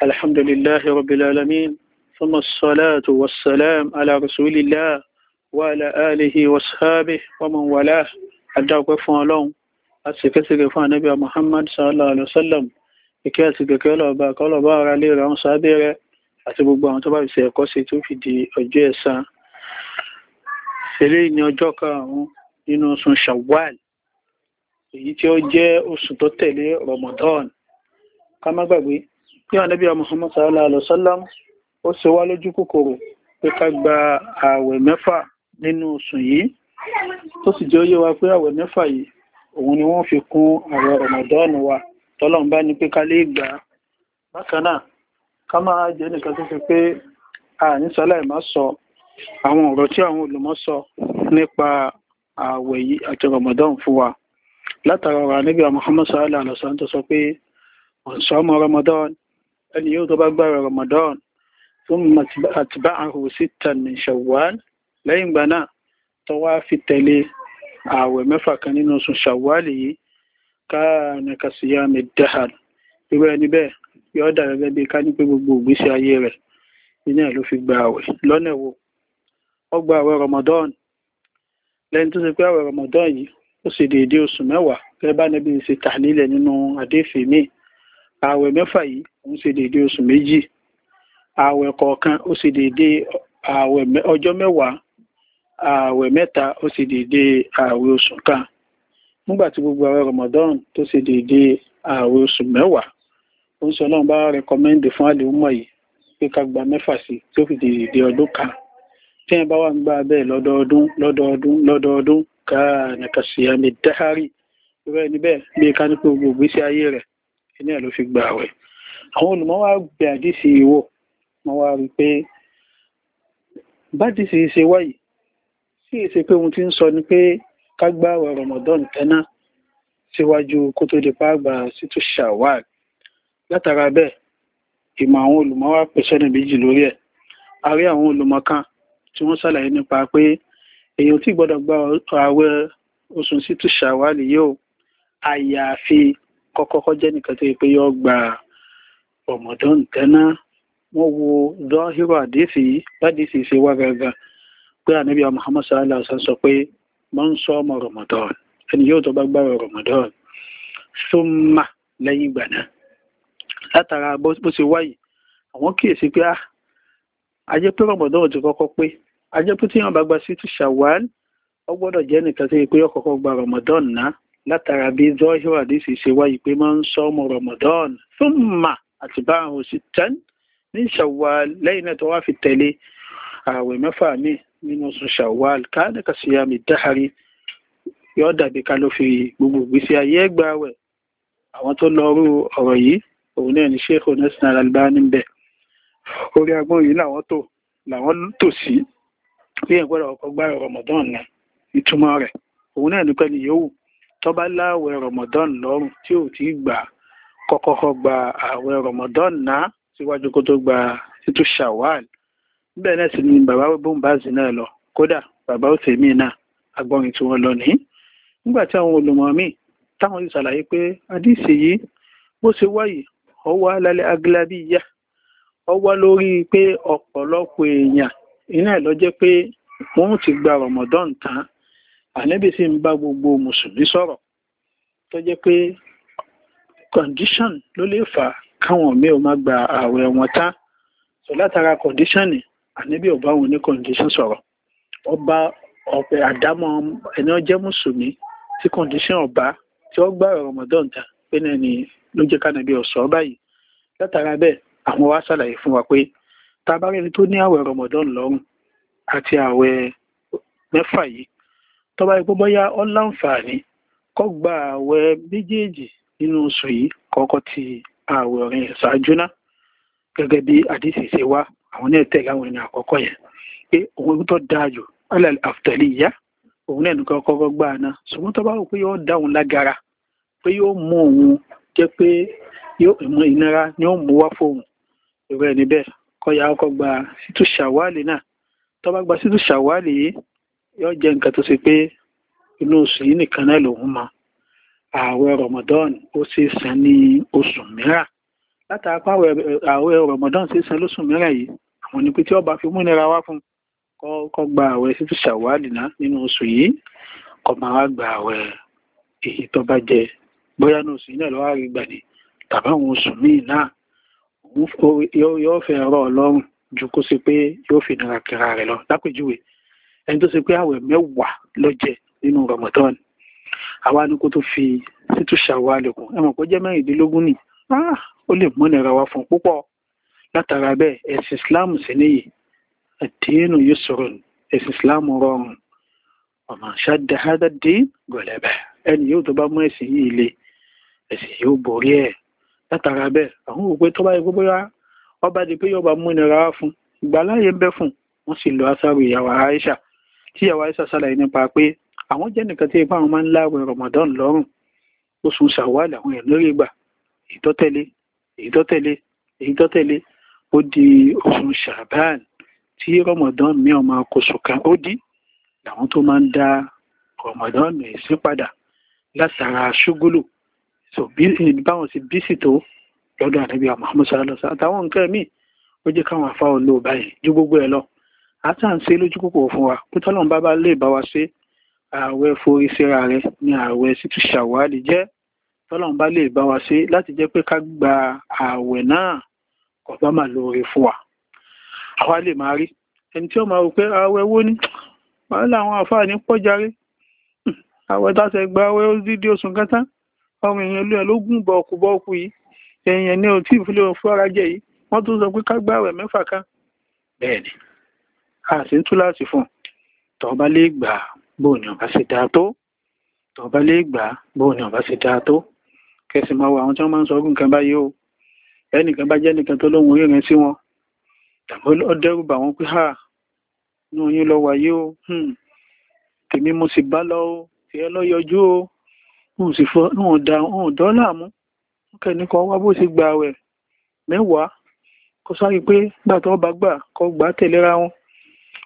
الحمد لله رب العالمين ثم الصلاة والسلام على رسول الله وعلى آله وصحابه ومن والاه أدعوك فون لون أسكسك فون نبي محمد صلى الله عليه وسلم إكاسك كلا باكلا بارا لي رعون صابرة أتبقى أن تبقى سيقصي توفي أجي سان eléyìí ni ọjọ́ karùn-ún nínú oṣù shawwal èyí tí ó kí ànábì Muhammad sallallahu alaihi wasallam ó ṣe wá lójú kòkòrò pé ká gba ààwẹ̀ mẹ́fà nínú oṣù yìí tó sì jẹ́ ó yé wa pé ààwẹ̀ mẹ́fà yìí òun ni wọ́n fi kún ààwẹ̀ Ramadan wa tọ́lọ́run bá ní pé ká lè gbà á bákan náà ká máa jẹ́ nìkan tó fi pé àní sọ́lá ìmá sọ àwọn ọ̀rọ̀ tí àwọn olùmọ̀ sọ nípa ààwẹ̀ yìí àti Ramadan fún wa látara ọ̀rọ̀ ànábì Muhammad sallallahu alaihi wasallam tó sọ pé man sama Ramadan ẹni yóò tó bá gbára Ramadan fún àtibá àhùn síta ní Shawwal lẹ́yìn ìgbà náà tó wá fi tẹ̀lé ààwẹ̀ mẹ́fà kan nínú oṣù Shawwal yìí káàní kàṣíyá mi dahar irú ẹni bẹ́ẹ̀ yóò dà gẹ́gẹ́ bí ká ní pé gbogbo ìgbésí ayé rẹ̀ iná ló fi gba àwẹ̀ lọ́nà wo ó gba Ramadan lẹ́yìn tó ṣe pé àwẹ̀ Ramadan yìí ó sì dèédé oṣù mẹ́wàá gẹ́gẹ́ bá níbi ìṣe tàlílẹ̀ nínú àdéfì ààwẹ̀ mẹ́fà yìí ń ṣe déédé oṣù méjì ààwẹ̀ kọ̀ọ̀kan ó ṣe déédé ààwẹ̀ ọjọ́ mẹ́wàá ààwẹ̀ mẹ́ta ó ṣe déédé ààwẹ̀ oṣù kan nígbà tí gbogbo ààwẹ̀ Ramadan tó ṣe déédé ààwẹ̀ oṣù mẹ́wàá ó ń sọ náà bá rẹkọmẹ́ndì fún àdéhùnmọ̀ yìí pé ká gba mẹ́fà sí tó fi déédé ọdún kan tí ẹ bá wà ń gbà bẹ́ẹ̀ lọ́dọọdún lọ́dọọdún lọ́dọọdún káà nàkàṣìyàmì dáhárì irú ẹni bẹ́ẹ̀ bí ká ní pé gbogbo ìgbésí ayé rẹ̀ iná ló fi gba àwẹ̀ àwọn olùmọ̀ wá gbé àdísì ìwò wọ́n wá rí pé bádìsì ṣe wáyìí sí èsè pé ohun tí ń sọ ni pé ká gba àwẹ̀ Ramadan tẹ́ná síwájú kó tó di pàgbà sí tó Shawwal látara bẹ́ẹ̀ ìmọ̀ àwọn olùmọ̀ wá pèsè ọ̀nà méjì lórí ẹ̀ a rí àwọn olùmọ̀ kan tí wọ́n ṣàlàyé nípa pé èèyàn tí gbọ́dọ̀ gba àwẹ̀ oṣù sí tó Shawwal yìí o àyàfi kọ́kọ́kọ́ jẹ́ nìkan tó yẹ pé yọ gba ọ̀mọ̀dán tẹ́ná wọ́n wo zọ́hírò àdéfì bádìsì ṣe wá gangan pé ànábì Muhammad sallallahu alaihi wasallam sọ pé mọ́ ń sọ ọmọ Ramadan ẹni yóò tó bá gbára Ramadan súnmà lẹ́yìn ìgbà náà látara bó ṣe wáyìí àwọn kíyèsí pé ah, a ajé pé Ramadan ti kọ́kọ́ pé ajé pé tí wọ́n bá gba sí ti Shawwal ó gbọ́dọ̀ jẹ́ nìkan tó yẹ pé yọ kọ́kọ́ gba Ramadan náà látara bí zọ́ṣọ́ àdìsí ṣe wáyé pé máa ń sọ ọmọ ramadan fún mà àti bá àwọn òsì tán ní ṣàwàl lẹ́yìn náà tó wá fi tẹ̀lé ààwẹ̀ mẹ́fà míì nínú oṣù ṣàwàl káàdì kàṣíyàmì dáhàrí yóò dàbí ká ló fi gbogbo ìgbésí ayé ẹgbà wẹ̀ àwọn tó lọrú ọ̀rọ̀ yìí òun náà ní sheikh onesin Al-Albani orí agbọ́n yìí làwọn tó làwọn tò sí bí ẹ̀gbọ́n ọkọ̀ gbá Ramadan náà ìtumọ̀ rẹ̀ òun náà nípẹ́ ni tó bá láàwẹ̀ Ramadan lọ́rùn tí ò tí gbà kọ́kọ́kọ́ gba àwẹ̀ Ramadan náà síwájú kó tó gba títú shawal. bẹ́ẹ̀ náà sì ni bàbá bóńbáàzì náà lọ kódà bàbá òtẹ̀mí náà agbọ́rin tí wọ́n lọ ní nígbà tí àwọn olùmọ̀ míì táwọn yìí ṣàlàyé pé àdìsí yìí bó ṣe wáyìí ó wà lálẹ́ agilábíyà ó wà lórí pé ọ̀pọ̀lọpọ̀ èèyàn iná ẹ̀ lọ jẹ́ pé wọ́n ti gba Ramadan tán ànábì sì ń bá gbogbo mùsùlùmí sọ̀rọ̀ tó jẹ́ pé condition ló lè fà káwọn mi ò má gba ààwẹ̀ wọn tán so látara condition ni ànábì ò bá wọn ní condition sọ̀rọ̀ ó bá ọ̀pẹ àdámọ́ ẹni ọjẹ́ mùsùlùmí tí condition ọba tí ó gbà Ramadan ta pé náà ni ló jẹ́ kánàbí ọ̀sọ́ báyìí látara bẹ́ẹ̀ àwọn wa ṣàlàyé fún wa pé tábàárẹ̀ ni tó ní ààwẹ̀ Ramadan lọ́rùn àti ààwẹ̀ mẹ́fà yìí tọ́ba ipò bọ́yá ọ láǹfààní kó gba ààwẹ̀ méjèèjì nínú oṣù yìí kọ́kọ́ ti ààwẹ̀ ọ̀rìn ṣáájú náà gẹ́gẹ́ bí àdìsí ṣe wá àwọn náà tẹ̀lé àwọn ènìyàn àkọ́kọ́ yẹn pé òun tó dáa jù alẹ́ àfùtẹ̀lì ìyá òun náà nìkan kọ́kọ́ gbà náà ṣùgbọ́n tọ́ba rò pé yóò dá òun lágara pé yóò mú òun jẹ́ pé ìmọ̀ ìnira ni ó mú wá fóun ìrọ̀ ẹni bẹ́ẹ̀ kọ́ya ọkọ̀ gba sítú ṣàwálì náà tọ́ba gba sítú yìí yóò jẹ́ nǹkan tó ṣe pé inú oṣù yìí nìkan náà lòun mọ ààwẹ̀ Ramadan ó ṣe san ní oṣù mìíràn látàpá ààwẹ̀ Ramadan ṣe san lóṣù mìíràn yìí àwọn ni pé tí ọba fi múnira wá fún kó gba ààwẹ̀ ṣètò ṣàwádì náà nínú oṣù yìí kó máa wá gba ààwẹ̀ èyí tó bá jẹ bóyá ní oṣù yìí náà lọ́wọ́ rí gbà ní tàbí àwọn oṣù míì náà yóò fẹ́ rọ̀ ọlọ́run ju kó ṣe pé yóò fi nira kira rẹ̀ lọ lápèjúwe ẹni tó ṣe pé àwẹ̀ mẹ́wàá lọ́jẹ nínú Ramadan àwa ni kó tó fi sítú ṣàwálẹ̀ kún ẹ̀wọ̀n kó jẹ́ mẹ́rìndínlógún ni ah, ó lè múnira wa fún púpọ̀ látara bẹ́ẹ̀ ẹ̀sìn Islam sì níyì àdínú yóò sọ̀rọ̀ ẹ̀sìn Islam rọrùn ọmọ ṣáda hádà dín gọ̀lẹ́bẹ̀ ẹni yóò tó bá mú ẹ̀sìn yìí le ẹ̀sìn yóò borí ẹ̀ látara bẹ́ẹ̀ àwọn òpè tó bá yẹ kó bóyá ọba di pé yóò bá múnira wa fún ìgbàláyé ń bẹ fún wọ́n sì lọ asáru ìyàwó Aisha tí ìyàwó Aisha ṣàlàyé nípa pé àwọn jẹ́ nìkan tí ipa àwọn máa ń láwẹ̀ Ramadan lọ́rùn oṣù Ṣawwal àwọn èèyàn lórí ìgbà ìtọ́tẹ̀lé ìtọ́tẹ̀lé ìtọ́tẹ̀lé ó di oṣù Sha'ban tí Ramadan mi ọmọ akóso kan ó dí làwọn tó máa ń da Ramadan mi sí padà látara ṣúgúlù so báwọn sì bísì tó lọ́dọ̀ àdébíyà Muhammad sallallahu alaihi wa sallam àtàwọn nǹkan míì ó jẹ́ káwọn afáwọn lò báyìí ju gbogbo ẹ̀ lọ àtàn ṣe lójú kòkòrò fún wa pé tọ́lọ́n bá bá lè bá wa ṣe ààwẹ̀ forí síra rẹ ni ààwẹ̀ sì tún ṣàwárí jẹ́ tọ́lọ́n bá lè bá wa ṣe láti jẹ́ pé ká gba ààwẹ̀ náà ọba mà lóore fún wa àwa lè máa rí ẹni tí ó máa rò pé ààwẹ̀ wo ni wàá láwọn àfáàní pọ́jàre hm, ààwẹ̀ táṣẹ gba ààwẹ̀ dídí oṣù kẹta ọrùn èèyàn lóyún ló gùn bọ ọkù yìí a sì ń túláàsì fún un tọ́ọ̀bá lè gbà bóun ni ọba ṣe dáa tó tọ́ọ̀bá lè gbà bóun ni ọba ṣe dáa tó kẹsì máa wọ àwọn tí wọ́n máa ń sọ ọdún nǹkan báyìí o ẹnìkan bá jẹ́ nìkan tó lóhun orí rẹ̀ sí wọn tàbí ó dẹ́rù bà wọ́n pé ha inú yín lọ wáyé o hmm. tèmi mo sì bá lọ o tìẹ lọ yọjú o òun sì fọ òun da òun dọ́là mú kẹ́ni kan wá bó ṣe gba àwẹ̀ mẹ́wàá kó sáré pé gbà bá gbà kó gbà tẹ̀léra wọn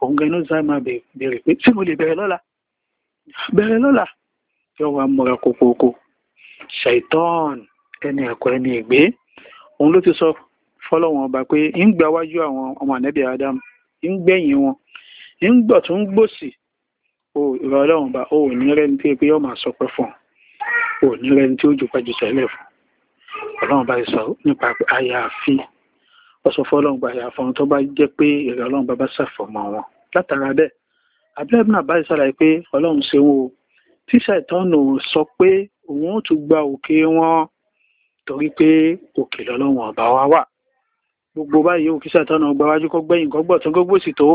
òun gan inú sáà máa bèèrè pé tí mo lè bẹ̀rẹ̀ lọ́la bẹ̀rẹ̀ lọ́la tí ó wà múra kókókó ṣàìtọ́n ẹni ẹ̀kọ́ ẹni ìgbé òun ló ti sọ fọ́lọ́wọ́n ọba pé ń gba wájú àwọn ọmọ ànẹ́bí adam ń gbẹ̀yìn wọn ń gbọ̀ tó ń gbòsì o ìrọ̀ ọlọ́run ọba o ò ní rẹ́ni tí pé yọ́ máa sọ pé fún o ò ní rẹ́ni tí ó jù pàjù sẹ́lẹ̀ fún ọlọ́run ọba ìsọ nípa àyàfi ó sọ fọlọ́n gba àyàfọ́ tó bá jẹ́ pé èrè ọlọ́run bàbá ṣàfọ̀mọ́ wọn látara bẹ́ẹ̀ abdullahi ibn abbas ṣàlàyé pé ọlọ́run ṣe wo tíṣà ìtọ́nù sọ pé òun ó tún gba òkè wọn torí pé òkè lọ́lọ́run ọ̀bá wa wà gbogbo báyìí òkè ṣàtọ́nù ọgbà wájú kọ́ gbẹ̀yìn kọ́ gbọ̀tún gbogbo sì tó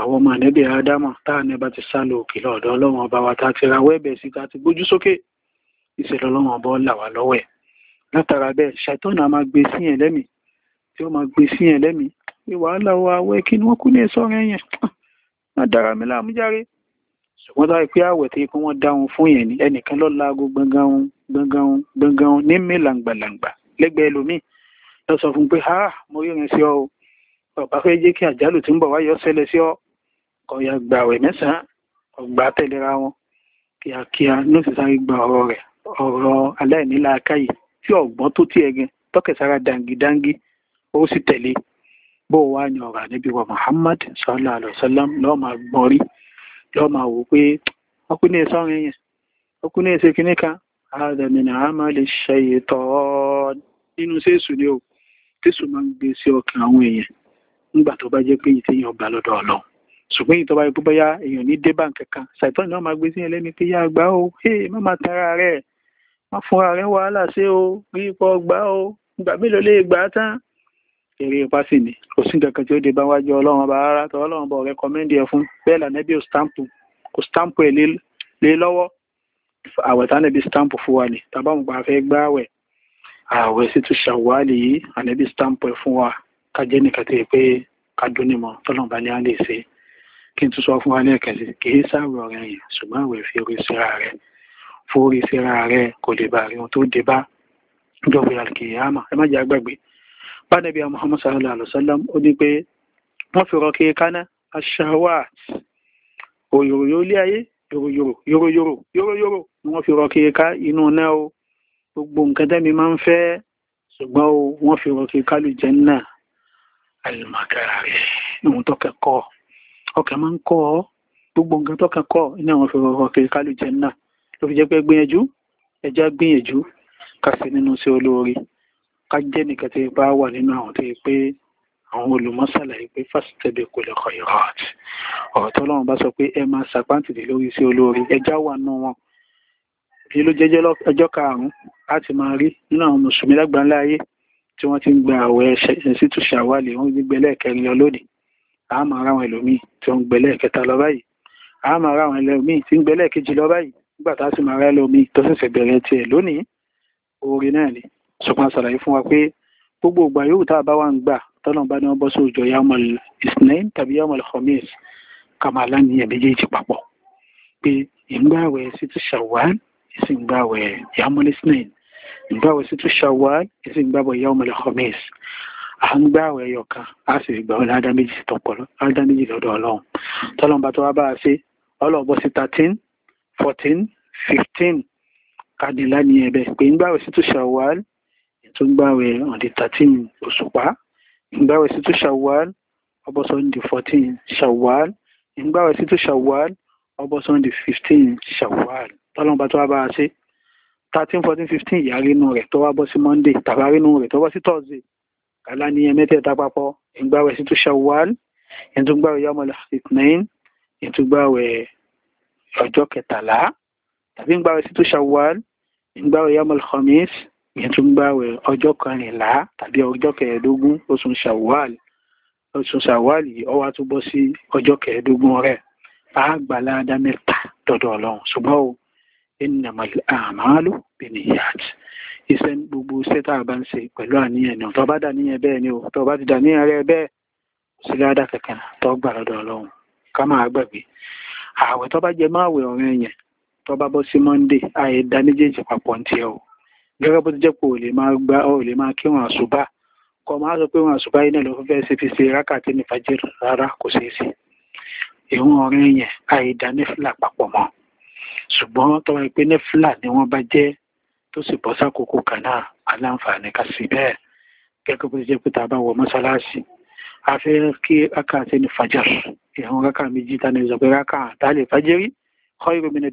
àwọn ọmọ ànẹ́bẹ̀ ádámà tá ànẹ́bà ti sá lọ òkè lọ́dọ̀ ọlọ́run ọba wa tá a ti ra wẹ́ẹ̀bẹ̀ sí tá ti gbójú sókè ìṣẹ̀lẹ̀ ọlọ́run ọba ọ̀là wà lọ́wẹ̀ látara bẹ́ẹ̀ ṣàtọ́nù máa gbé sí lẹ́mìí tí ó máa gbé sí yẹn lẹ́mìí pé wàhálà wa àwẹ̀ kí ni wọ́n kú ní sọ́rọ̀ yẹn má dára mi láàmú járe ṣùgbọ́n láì pé àwẹ̀ tí pé wọ́n dáhùn fún yẹn ni ẹnìkan lọ́ laago gbọ̀ngàn gbọ̀ngàn gbọ̀ngàn ní mí làǹgbàlàǹgbà lẹ́gbẹ̀ẹ́ lómi lọ sọ fún pé ha mo rí ìrìn sí ọ o bàbá fẹ́ jẹ́ kí àjálù tí ń bọ̀ wáyọ̀ ṣẹlẹ̀ sí ọ ọ̀yà gba àwẹ̀ mẹ́sàn-án ọ̀gbà tẹ̀lera wọn kíákíá ló sì sáré gba ọ̀rọ̀ rẹ̀ ọ̀rọ̀ aláìníláàkáyè tí ọ̀gbọ́n tó tiẹ̀ gan tọ́kẹ̀sára dangidangi ó sì tẹ̀lé bó wá yan wa Muhammad sallallahu alayhi wa sallam lọ́ọ́ máa gbọ́n rí lọ́ọ́ máa wò pé ọkùnrin ẹ̀ sọ́rin yẹn ọkùnrin ẹ̀ ṣe kinní kan àdàmìnà àmàlẹ̀ ṣayẹ̀tọ̀ nínú sẹ́sù ni ó tẹ́sù máa ń gbé sí ọkàn àwọn èèyàn nígbà tó bá pé èyí gbà ṣùgbọ́n èyí tó bá yẹ pé bóyá èèyàn ní dé báǹkì kan ṣàìtọ́ ni wọ́n máa gbé sí ẹlẹ́ni pé yá má máa tara má eré ipá ni kò sí nǹkan kan tí ó dé bá wájú ọlọ́run ọba rárá tọ́ ọlọ́run ọba ọ̀rẹ́ kọ́mẹ́ndì ẹ̀ fún bẹ́ẹ̀ lànẹ́bí kò stamp ẹ̀ lé lọ́wọ́ àwẹ̀ tá nẹ́bí stamp fún wa ni tàbá mo gbà fẹ́ gbá àwẹ̀ àwẹ̀ sì tún ṣàwálì yìí ànẹ́bí stamp ẹ̀ fún wa ká jẹ́ nìkan tó yẹ pé ká dún ní mọ́ tọ́lọ́run bá ní á lè ṣe kí n tún sọ fún wa ní ẹ̀kẹ́ kì í sáwẹ̀ ọ̀rẹ́ yẹn ṣùgbọ́n àwẹ̀ fi orí síra rẹ̀ forí síra rẹ̀ kò lè bá ohun tó dé bá jọ̀wé àlùkìyàmà ẹ má jẹ́ àgbàgbé bánẹ́bí Muhammad sallallahu alaihi wasallam ó ní pé wọ́n fi rọ́ọ̀kì kaná aṣahawat òyòrò yóò lé ayé yòròyòrò yòròyòrò yòròyòrò ni wọ́n fi rọ́ọ̀kì ká inú náà o gbogbo nǹkan tẹ́mi máa ń fẹ́ ṣùgbọ́n o wọ́n fi rọ́ọ̀kì kálù jẹ́ náà alimakara rẹ̀ ìwọ̀n tó kẹ́kọ̀ọ́ ọkẹ́ máa ń kọ́ ọ gbogbo nǹkan tó kẹ́kọ̀ọ́ iná wọn fi rọ́ọ̀kì kálù jẹ́ náà ló fi jẹ́ pé gbìyànjú ẹja gbìyànjú kásì nínú sí olóore ká jẹ́ nìkan tí bá wà nínú àwọn tó yẹ pé àwọn olùmọ́sàlàyé pé fásitẹ́bẹ̀ kò lè kọ̀yọ̀ hot ọ̀rọ̀ tọ́lọ́run bá sọ pé ẹ máa sàpáǹtìdì lórí sí olórí ẹjá wà nù wọn èyí ló jẹ́jẹ́ ọjọ́ karùn-ún láti máa rí nínú àwọn mùsùlùmí lágbàńlá ayé tí wọ́n ti ń gba àwẹ̀ ṣèṣìtú ṣàwálì wọ́n gbígbẹ́ lẹ́ẹ̀kẹrin lọ lónìí a máa àwọn ẹlòmíì tí wọ́n gbẹ lẹ́ẹ̀kẹta lọ báyìí a máa àwọn ẹlòmíì tí ń gbẹ lẹ́ẹ̀kejì lọ báyìí nígbà tá a sì máa ra ẹlòmíì tó ṣẹ̀ṣẹ̀ bẹ̀rẹ̀ tiẹ̀ lónìí oore náà ni ṣùgbọ́n ṣàlàyé fún wa pé gbogbo ìgbà yóò tá a bá wà ń gbà tọ́nà bá ní wọ́n bọ́ sí òjò yamal isnain tàbí yamal khamis kamala ní ẹ̀ méjèèjì papọ̀ pé ìgbàwẹ̀ sí ti ṣàwán ìsìn gbàwẹ̀ yamal isnain ìgbàwẹ̀ sí ti ṣàwán ìsìn gbàwẹ̀ yamal khamis à ń gbàwẹ̀ ẹyọ kan a sì gbà wọn ládá méjì tọpọlọ ládá méjì lọ́dọ̀ ọlọ́run tọ́nà bá tó wá bá a ṣe ọlọ́run sí thirteen fourteen fifteen kadìlá ní ẹ̀bẹ̀ pé ìgbàwẹ̀ sí ti ṣàwán tó gbàwẹ̀ on the thirteen òṣùpá ìgbàwẹ̀ sí tó ṣàwàl ọbọ̀sọ̀ on the fourteen ṣàwàl ìgbàwẹ̀ sí tó ṣàwàl ọbọ̀sọ̀ on the fifteen ṣàwàl tọ́lọ́n bá tó wá bá a ṣe thirteen fourteen fifteen ìyá rínú rẹ̀ tó wá bọ́ sí monday tàbá rínú rẹ̀ tó bọ́ sí thursday kàlá ní ẹ̀mẹ́tẹ̀ẹ̀ta papọ̀ ìgbàwẹ̀ sí tó ṣàwàl ìtúgbàwẹ̀ yọmọlẹ̀ ìtìnẹ́yìn ìtúgbàwẹ̀ ọjọ́ kẹtàlá tàbí ìgbàwẹ̀ sí tó ṣàwàl ìgbàwẹ̀ yọmọlẹ̀ ìyẹn tún gbààwẹ̀ ọjọ́ kọkànlá tàbí ọjọ́ kẹẹ̀ẹ́dógún oṣù ṣàwọ́àlì oṣù ṣàwọ́àlì yìí ọwá tó bọ́ sí ọjọ́ kẹẹ̀ẹ́dógún rẹ̀ bá gbàládá mẹ́ta dọ̀dọ̀ ọlọ́run ṣùgbọ́n o innamal a'malu binniyat iṣẹ́ gbogbo iṣẹ́ tá a bá ń ṣe pẹ̀lú àníyàn ni tó bá dà níyàn bẹ́ẹ̀ ni o tó bá ti dà níyàn rẹ̀ bẹ́ẹ̀ sí ládà kankan tó gbà lọ́dọ̀ ọlọ́run ká máa gbàgbé ààwẹ̀ tó bá jẹ máa wẹ̀ yẹn tó bá bọ́ sí monday àìdá méjèèjì papọ̀ ń tiẹ̀ o gẹ́gẹ́ bó ti jẹ́ pé ò lè máa gba ò lè máa kírun àṣùbà kọ máa sọ pé wọn àṣùbà yìí náà ló fẹ́ ṣe fi ṣe rákàtí ní fàjẹrì rárá kò ṣeé ṣe ìwọn ọ̀rẹ́ yẹn àìdá nẹ́fìlà papọ̀ mọ́ ṣùgbọ́n tọ́wọ́ pé nẹ́fìlà ni wọ́n bá jẹ́ tó sì bọ́ sákòókò kan náà aláǹfààní ká sí bẹ́ẹ̀ gẹ́gẹ́ bó ti jẹ́ pé tá a bá wọ mọ́ṣáláṣí a fẹ́ kí rákàtí ní fàjẹrì ìwọn rákà méjì tá a rákà tá a lè fàjẹrì kọ́ ìròmìnà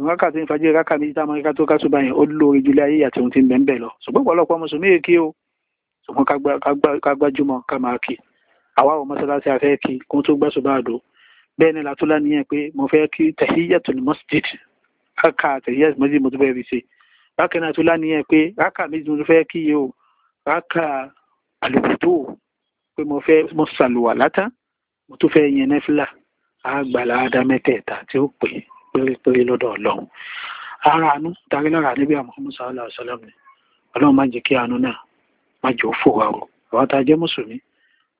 ìrànká tí ń fàájì ìrànká méjì tá a máa ríka tó ká tó báyìí ó lóore jùlọ ayé àti ohun tí ń bẹ̀ ń bẹ̀ lọ ṣùgbọ́n ọ̀pọ̀lọpọ̀ mùsùlùmí èké o ṣùgbọ́n ká gbájúmọ̀ ká máa kí àwa ò mọ́sálásí afẹ́ kí kó tó gbá ṣùgbọ́n àdó bẹ́ẹ̀ ni làtúlá nìyẹn pé mo fẹ́ kí tahiyatul masjid ráka tahiyatul masjid mo tún fẹ́ fi ṣe ráka náà túlá nìyẹn pé ráka méjì mo tún fẹ́ kí yìí o ráka àlùkùtò pé mo fẹ́ mo sàlùwà látà mo tún fẹ́ yẹn nẹ́fìlà àgbàlá ádámẹ́tẹ̀ẹ̀ta tí ó pè é pérépéré lọ́dọ̀ ọlọ́run ara àánú darí lára níbi àmọ́mú sàálà àṣálàm ni ọlọ́run má jẹ́ kí àánú náà má jẹ́ ó fò wá o àwọn tá a jẹ́ mùsùlùmí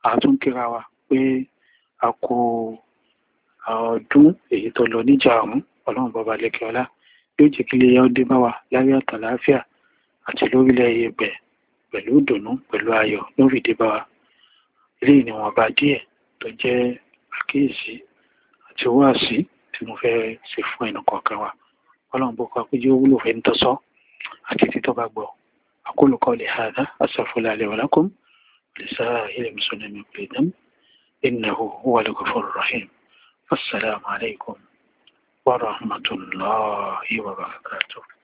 àtún kíra wa pé a kò ọdún èyí tó lọ níjà ọ̀hún ọlọ́run bọba lẹ́kẹ́ ọlá yóò jẹ́ kí ilé yá dé bá wa láyé àtàláfíà àti lórílẹ̀ yẹ̀pẹ̀ pẹ̀lú ìdùnnú pẹ̀lú ayọ̀ ló fi dé bá wa eléyìí ni wọ́n bá díẹ̀ tó jẹ́ àkíyèsí àti wáàsí tí mo fẹ́ ṣe fún ẹnì kọ̀ọ̀kan wa ọlọ́run bó kọ́ pé ó wúlò fẹ́ ń tọ́sọ́ àti títọ́ bá gbọ́ أقول قولي هذا أستغفر الله لي ولكم ولسائر المسلمين من كل ذنب إنه هو الغفور الرحيم السلام عليكم ورحمة الله وبركاته